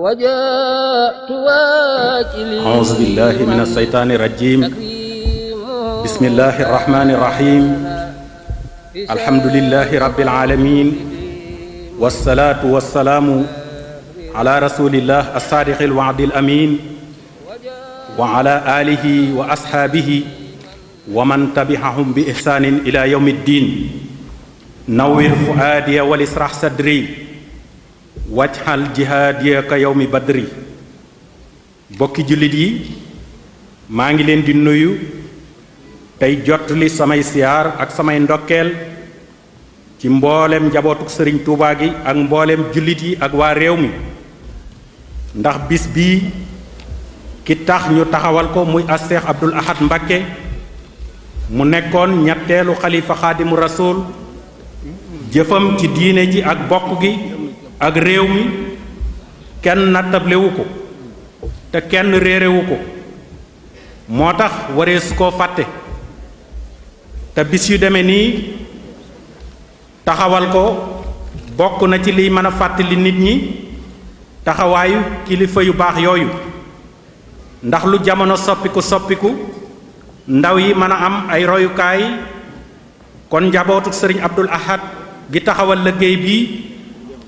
وجاءت واكلي أعوذ بالله من الشيطان الرجيم بسم الله الرحمن الرحيم الحمد لله رب العالمين والصلاة والسلام على رسول الله الصادق الوعد الأمين وعلى آله وأصحابه ومن تبعهم بإحسان إلى يوم الدين نور فؤادي ولسرح صدري wajxal jihaad ya ka yow mi badri bokki jullit yi maa ngi leen di nuyu tey jottali samay siyaar ak samay ndokkeel ci mboolem njabootuk sëriñ Tuubaa gi ak mbooleem jullit yi ak waa réew mi ndax bis bi ki tax ñu taxawal ko muy as seex Abdul Ahad Mbakke mu nekkoon ñetteelu xalifa xaadimu rasuul jëfam ci diine ji ak bokk gi ak réew mi kenn nattablewu ko te kenn réerewu ko moo tax waree su koo fàtte te bis yu demee nii taxawal ko bokk na ci liy mën a fàttali nit ñi taxawaayu kilifa yu baax yooyu ndax lu jamono soppiku soppiku ndaw yi mën a am ay royukaay kon njabootu sëriñ abdul ahad gi taxawal liggéey bii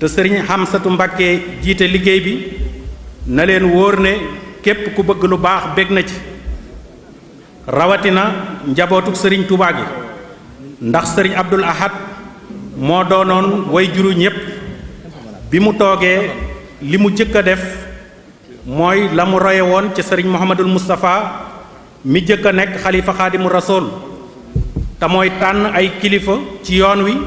te sëriñ Xamsatu Mbàkke jiite liggéey bi na leen wóor ne képp ku bëgg lu baax bég na ci rawatina njabootuk sëriñ Tuubaa gi ndax sëriñ Abdul Ahad moo doonoon way juru ñépp bi mu toogee li mu jëkk a def mooy la mu roye woon ci sëriñ Muhammadul Moustapha mi jëkk a nekk xalifa xaadimu rasool te mooy tànn ay kilifa ci yoon wi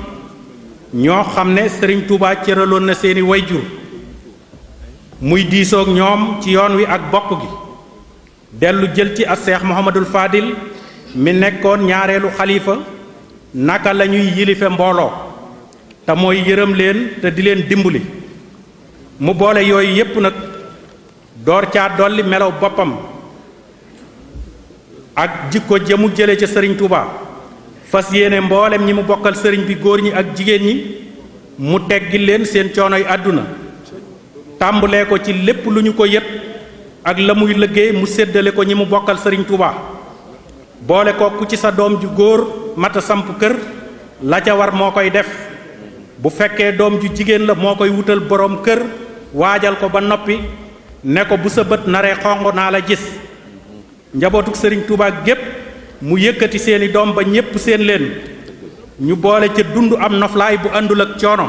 ñoo xam ne sëriñ Touba cëraloon na seeni wayjur muy diisoog ñoom ci yoon wi ak bokk gi dellu jël ci as seex Muhammadul Fadil mi nekkoon ñaareelu xalifa naka lañuy ñuy yilife mbooloo te mooy yërëm leen te di leen dimbali mu boole yooyu yépp nag door caa dolli melow boppam ak jikko jëmu jële ca sëriñ Touba. fas yéene mboolem ñi mu bokkal sëriñ bi góor ñi ak jigéen ñi mu teggi leen seen coonoy àdduna tàmbalee ko ci lépp lu ñu ko yët ak la muy liggéey mu séddale ko ñi mu bokkal sëriñ Touba boole ko ci sa doom ju góor mata samp kër la ca war moo koy def bu fekkee doom ju jigéen la moo koy wutal boroom kër waajal ko ba noppi ne ko bu sa bët naree xonq naa la gis njabootuk sëriñ Touba gépp mu yëkkati seeni doom ba ñépp seen leen ñu boole ca dund am noflaay bu àndul ak coono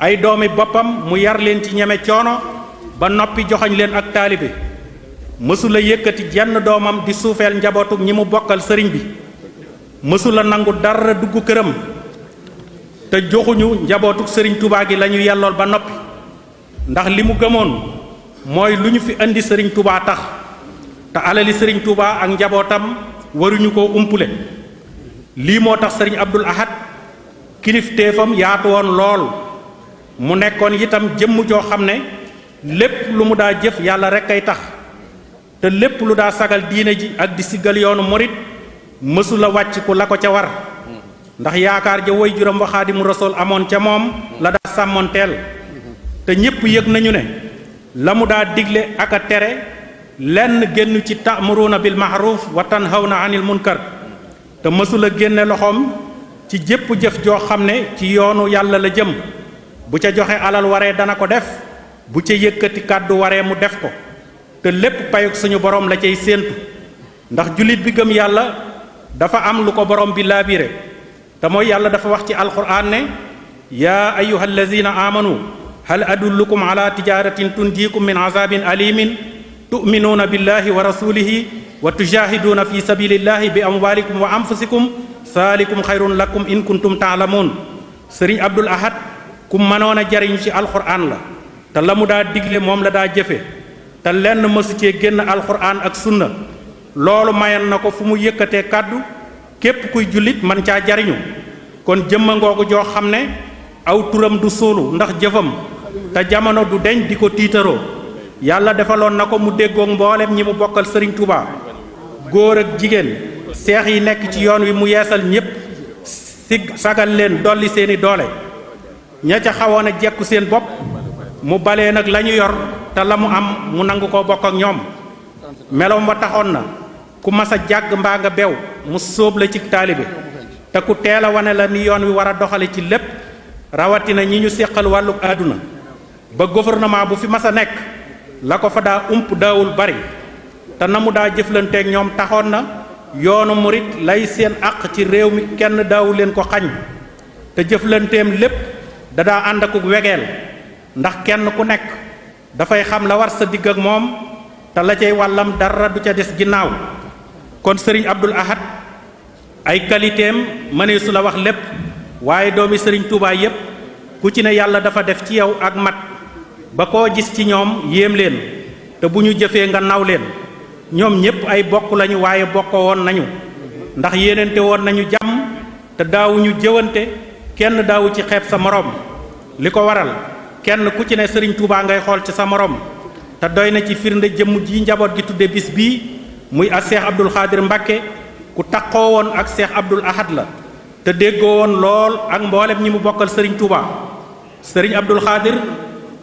ay doomi boppam mu yar leen ci ñeme coono ba noppi joxoñ leen ak taalibe mësula yëkkati jenn doomam di suufeel njabootu ñi mu bokkal sëriñ bi mësula nangu dara dugg këram te joxuñu njabootuk sëriñ tubaa gi lañu yellool ba noppi ndax li mu gëmoon mooy lu ñu fi indi sëriñ tubaa tax te alali sëriñ tubaa ak njabootam waruñu ko umpule lii moo tax sëriñ Abdul Ahad kilifteefam yaatu woon lool mu nekkoon itam jëmm joo xam ne lépp lu mu daa jëf yàlla rek ay tax te lépp lu daa sagal diine ji ak di siggal yoonu morit mësula wàcc ku la ko ca war ndax yaakaar ja woy juróom wa Xaadimu amoon ca moom la daa sàmmoonteel te ñépp yëg nañu ne la mu daa digle ak a tere lenn génn ci taamuruuna bil maaruf wa tanhawna anil munkar te mësula génne loxoom ci jépp jëf joo xam ne ci yoonu yàlla la jëm bu ca joxe alal waree dana ko def bu ca yëkkati kàddu waree mu def ko te lépp payuk suñu borom la cay séentu ndax jullit bi gëm yàlla dafa am lu ko borom bi laabire te mooy yàlla dafa wax ci alquran ne yaa ayuha allazina amanu hal adullukum ala tijaratin tunjikum min azabin alimin tuminuuna billahi wa rasulihi wa tujaahiduuna fi sabilillahi bi am amwaalikum wa anfusikum saalikum xayrun lakum in kuntum taalamuun sëriñ abdul ahad ku mënoon a jariñ ci alxuraan la te la mu daa digle moom la daa jëfe te lenn mësu cee génn alxuraan ak sunna loolu mayan na ko fu mu yëkkatee kàddu képp kuy jullit man caa jariñu kon jëmma ngoogu joo xam ne aw turam du suulu ndax jëfam te jamono du deñ di ko tiitaroo yàlla defaloon na ko mu déggoog mboolem ñi mu bokkal sëriñ Touba góor ak jigéen seex yi nekk ci yoon wi mu yeesal ñépp sig sagal leen dolli seeni doole ña xawoon a jekku seen bopp mu balee nag la ñu yor te la mu am mu nangu ko bokk ak ñoom meloom ma taxoon na ku mas a jàgg mbaa nga bew mu sóob la ci taalibe te ku teel a wane la ni yoon wi war a doxale ci lépp rawatina ñi ñu séqal wàllu àdduna ba gouvernement bu fi mas nekk la ko fa daa ump daawul bari te na mu daa jëflanteeg ñoom taxoon na yoonu murit lay seen àq ci réew mi kenn daawu leen ko xañ te jëflanteem lépp da daa ànd akuk wegeel ndax kenn ku nekk dafay xam la war sa digg ak moom te la cay wàllam dara du ca des ginnaaw kon sëriñ Abdul Ahad ay qualitéem mënee la wax lépp waaye doomi sëriñ tuubaay yépp ku ci ne yàlla dafa def ci yow ak mat ba koo gis ci ñoom yéem leen te bu ñu jëfee nga naw leen ñoom ñépp ay bokk lañu waaye bokkoo woon nañu ndax yéenante woon nañu jàmm te daawuñu jëwante kenn daawu ci xeet sa moroom li ko waral kenn ku ci ne Sëriñ Tuubaa ngay xool ci sa moroom te doy na ci firnde jëmm ji njaboot gi tudde bis bii muy ak Seex Abdul Xaadir Mbàkke ku taqoo woon ak Seex Abdul Ahad la te déggoo woon lool ak mboolem ñi mu bokkal Sëriñ Tuubaa Sëriñ Abdul Xaadir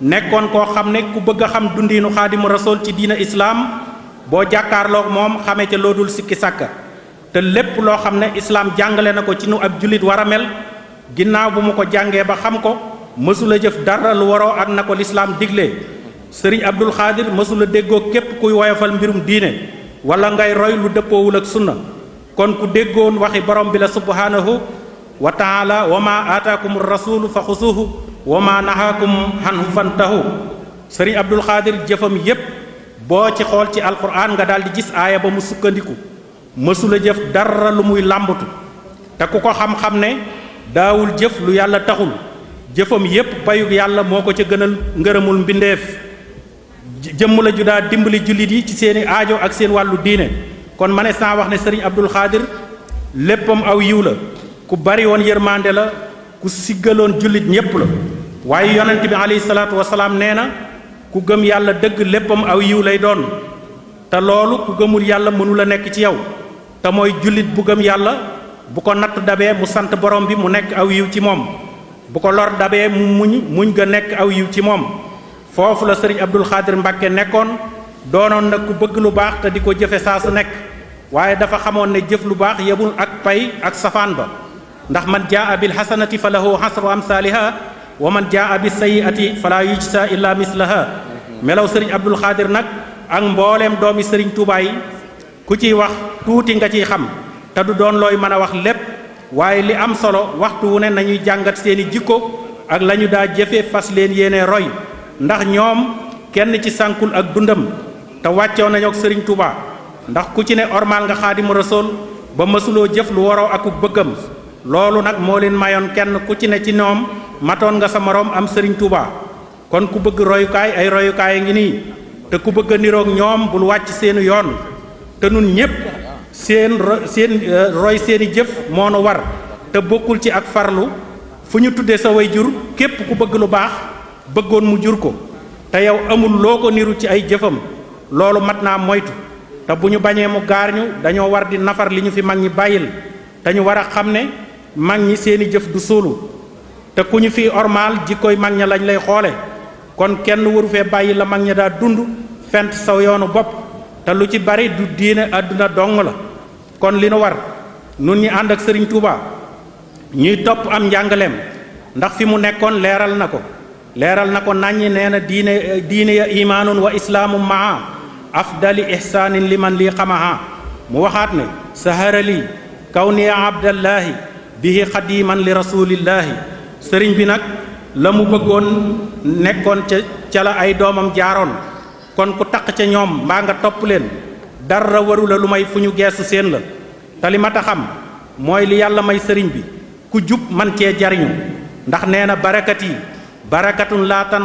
nekkoon koo xam ne ku bëgg a xam dundiinu xaadimu rasool ci diina islaam boo jàkkaarloog moom xamee ca dul sikki sàkka te lépp loo xam ne islaam jàngale na ko ci nu ab jullit war a mel ginnaaw bu mu ko jàngee ba xam ko mësula jëf dara lu waroo ak na ko lislaam digle sëriñ abdul xaadir mësula déggoo képp kuy woyofal mbirum diine walla ngay roy lu dëppoowul ak sunna kon ku déggoon waxi borom bi la subhanahu wa taala wa ma aataakum rasulu fa xusuuhu wa ma naxaakum xanhu fantahu sëriñ abdul xaadir jëfam yépp boo ci xool ci alquran nga daal di gis aaya ba mu sukkandiku mësula jëf dara lu muy làmbatu te ku ko xam-xam ne daawul jëf lu yàlla taxul jëfam yépp payug yàlla moo ko ca gënal ngërëmul mbindeef jëmm la ju daa dimbali jullit yi ci seeni aajo ak seen wàllu diine kon ma ne saa wax ne sëriñ abdul xaadir léppam aw yiw la ku bari woon yërmande la ku siggaloon jullit ñépp la waaye yonent bi alayhi salaatu wasalaam nee na ku gëm yàlla dëgg léppam aw yiw lay doon te loolu ku gëmul yalla mënu la nekk ci yow te mooy jullit bu gëm bu ko mu sant borom bi mu nekk aw yiw ci bu ko lor dabee mu muñ muñ ga nekk aw yiw ci la abdul Khadir mbàkke nekon, donon na ku bëgg lu baax te di ko jëfe nekk waaye dafa xamoon ne jëf lu baax yebul ak pay ak ba ndax man jaa bil xasanati fa lahu xasru amsaaliha wa man jaa bis sayiati fala yujsa illa mislaha melow sëriñ abdul xaadir nag ak mbooleem doom yi sëriñ tuubaa yi ku ciy wax tuuti nga ciy xam te du doon looy mën a wax lépp waaye li am solo waxtu wu ne nañuy jàngat seeni jikko ak lañu ñu daa jëfe fas leen yéene roy ndax ñoom kenn ci sànkul ak dundam te wàccew nañu ak sëriñ ndax ku ci ne ormaal nga xaadimu rasool ba mësuloo jëf lu waroo akub bëggam loolu nak moo leen mayoon kenn ku ci ne ci ñoom nga sa am sëriñ Touba kon ku bëgg royukaay ay ini ngi nii te ku bëgg a niroog ñoom bul wàcc seenu yoon te nun ñépp seen seen euh, roy seeni jëf moo nu war te bokkul ci ak farlu fu ñu tuddee sa way jur képp ku bëgg lu baax bëggoon mu jur ko te yow amul loo ko niru ci ay jëfam loolu moytu te bu ñu mu gaar ñu dañoo war di nafar li fi mag ñi dañu mag ñi seeni jëf du suulu te ku ñu fi ormaal jikkooy mag ña lañ lay xoole kon kenn waru fee bàyyi la mag ña daa dund fent saw yoonu bopp te lu ci bari du diine àdduna dong la kon li nu war nun ñi ànd ak sëriñ Touba ñuy topp am njàngaleem ndax fi mu nekkoon leeral na ko leeral na ko naññi nee na diine diine ya imaanun wa islaamu maa afdali ihsaanin liman lii xamaha mu waxaat ne saharali kaw niya abdallahi bihi man li rasulillahi sëriñ bi nag la mu bëggoon nekkoon ca la ay kon ku taq ca ñoom mbaa nga topp leen dara waru la lu may fu ñu geesu la te xam li may bi ku man cee jariñu ndax nee barakati barakatun laa tan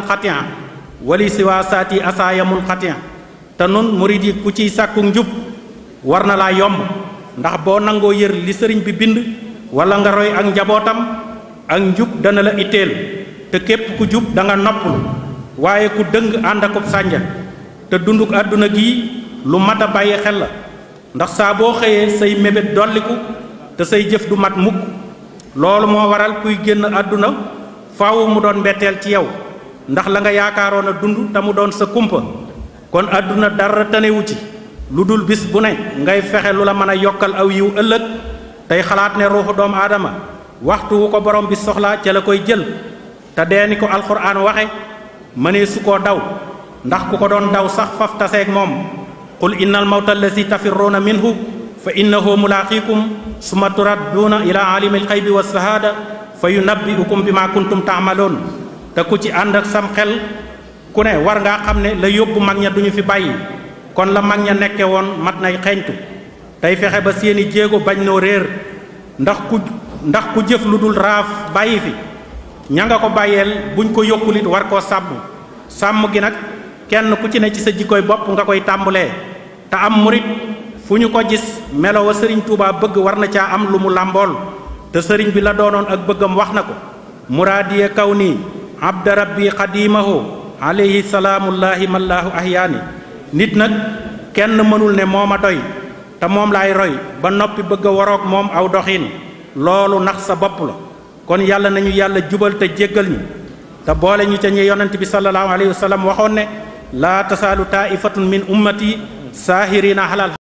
wali siwaa saati asaayamul xatian te nun muridi yi ku ciy sàkku njub war na ndax li sëriñ bi bind wala nga roy ak njabootam ak njub dana la itteel te képp ku jub da nga noppul waaye ku dëng ànd akub sànja te dunduk àdduna gi lu mat a bàyyi xel la ndax saa boo xëyee say mébét dolliku te say jëf du mat mukk loolu moo waral kuy génn àdduna faaw mu doon mbetteel ci yow ndax la nga yaakaaroon a dund te mu doon sa kumpa kon àdduna dara tanewu ci lu dul bis bu ne ngay fexe lu la mën a yokkal aw yiw ëllëg tey xalaat ne ruuxu doomu aadama waxtu wu ko borom bi soxlaa ca la koy jël te dee ni ko alxuraan waxe mënee su koo daw ndax ku ko doon daw sax faf taseeg moom qul innal mawta allazi tafirruuna minhu fa innahu mulaaqiikum summa turadduuna ila aalimil xaybi wa sahaada fa yunabbiukum bi maa kuntum taamaloon te ku ci ànd ak sam xel ku ne war ngaa xam ne la yóbbu mag ña duñu fi bàyyi kon la mag ña nekke woon mat nay xeeñtu tey fexe ba seeni jéego bañ noo réer ndax ku ndax ku jëf lu dul raaf bàyyi fi ña nga ko bàyyeel buñ ko yokkul it war koo sàmm sàmm gi nag kenn ku ci ne ci sa jikkoy bopp nga koy tàmbulee te am murit fu ñu ko gis melo sëriñ Tuubaa bëgg war na caa am lu mu làmbool te sëriñ bi la doonoon ak bëggam wax na ko muraadiye kaw nii abda rabbi xadimahu alayhi salaamullaahi mallaahu ahyaani nit nag kenn mënul ne moo ma doy te moom laay roy ba noppi bëgg a waroog moom aw doxin loolu nax sa bopp la kon yàlla nañu yàlla jubal te jéggal ñu te boole ñu ca ñi yonent bi sallallahu alayhi wa waxoon ne laa tasaalu taa'ifatun min ummati saahirina halal